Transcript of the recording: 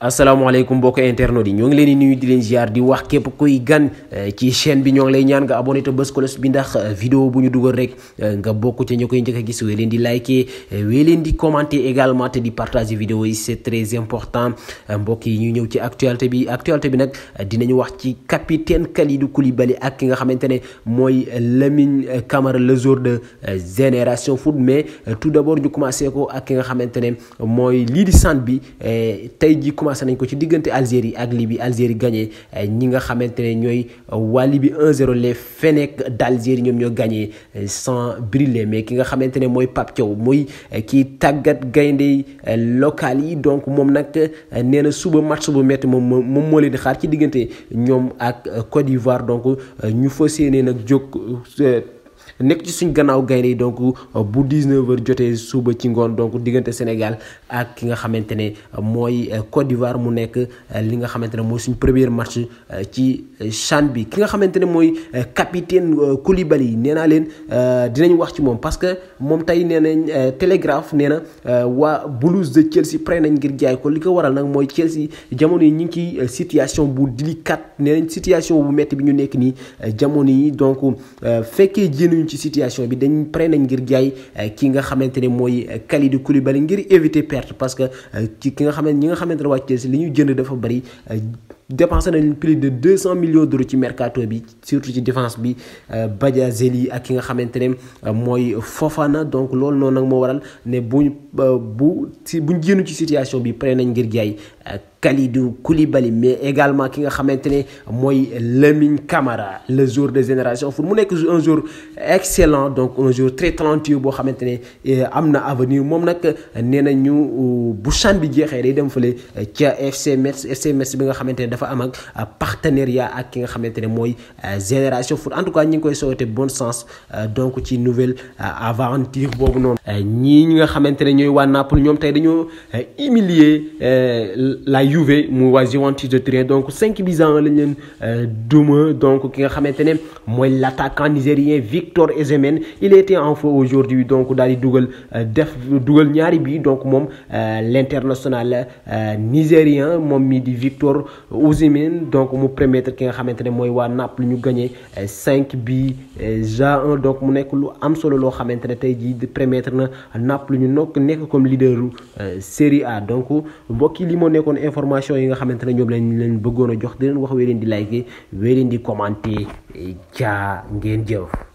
asalaamaaleykum mbokk internautes yi ñoo ngi leen di nuyu di leen ziar di wax képp kuy gan eh, ci chaîne bi ñoo ngi lay ñaan nga abonné te bës cloche bi ndax eh, vidéo bu ñu dugal rek eh, nga bokk ca ñu koy njëkk gis di liker et leen di commenter également te di partager vidéo yi c'est très important mbokk yi ñu ñëw ci actualité bi actualité bi nag dinañu wax ci capitaine Kalidou Koulibaly ak ki nga xamante ne mooy Lamine Camara le jour de génération foot mais tout d'abord ñu commencé ko ak ki nga xamante ne mooy di sant bi tey ji commencé nañ ko ci diggante Algérie ak Libye Algérie gagné ñi nga xamante ne ñooy waa Libye 1-0 les Fenech d'Algérie ñoom ñoo gagné sans briller mais ki nga xamante ne mooy Pape Thiaw mooy kii tàggat gaynde euh, local yi donc moom nag euh, nee na suba match bu métti moom moom moo leen di xaar ci diggante ñoom ak euh, Côte d'Ivoire donc ñu fas yéene nag jóg. nek ci suñ gannaaw gaynde donc euh, bu 19h jotee suba ci ngoon donc diganté Sénégal ak ki nga xamante moy euh, mooy euh, Côte d'Ivoire mu nek li nga xamante moy mooy suñ premier match ci CHAN bi ki nga xamante moy capitaine Koulibaly néna len dinañ wax ci mom parce que mom tay néna nañ Télégraphe nee na Blues de Chelsea pare nañ ngir jaay ko li ko waral nak moy Chelsea jamono ñi ngi ci situation bu délicate nee situation bu metti bi ñu nek ni jamono yi donc fekkee jéem génnuñu ci situation bi dañ pare nañ ngir jaay euh, ki nga xamante moy mooy euh, Koulibaly ngir éviter perte parce que euh, ci ki nga xamante ñi nga xamante ne li ñu jënd dafa bari dépensé nañ plus de 200 millions d'euros ci mercato bi surtout ci défense bi Zeli ak ki nga xamante moy Fofana donc lool non nak mo waral ne buñ bu ci buñ jënu ci situation bi pare nañ ngir jaay. Kalidou Koulibaly mais également ki nga xamantene moy Lamine Camara le jour de génération foot mu nek un jour excellent donc un jour très talentueux bo xamantene euh, amna avenir mom nak euh, nee na ñu euh, bu CHAN bi jeexee day dem feulé ci FC Metz FC Metz bi nga xamantene dafa am ak partenariat ak ki nga xamantene moy génération foot en tout cas ñi koy souhaiter bon sens donc ci nouvelle aventure bobu non ñi nga xamantene ñoy wa waa Naples ñoom tey humilier la. Juve mu waa Juventus de train donc cinq buts à un lañ leen euh, duma donc ki nga xamantene moy l'attaquant nigérien Victor Osimhen il était en feu aujourd'hui donc daal di dugal euh, def dougal ñaari bi donc mom euh, l'international nigérien mom mi di Victor Osimhen donc mu permettre ki nga xamantene moy wa waa Naples ñu gagné cinq buts ja 1 donc mu nek lu am solo lo xamantene tay ji jii permettre na Naples ñu nok nek comme leaderu Serie A donc mbokk li mo nekkoon information yi nga xamante ne ñoom lañ leen bëggoon a jox di leen wax wéy leen di liker wéy leen di commenter ca ngeen jëf.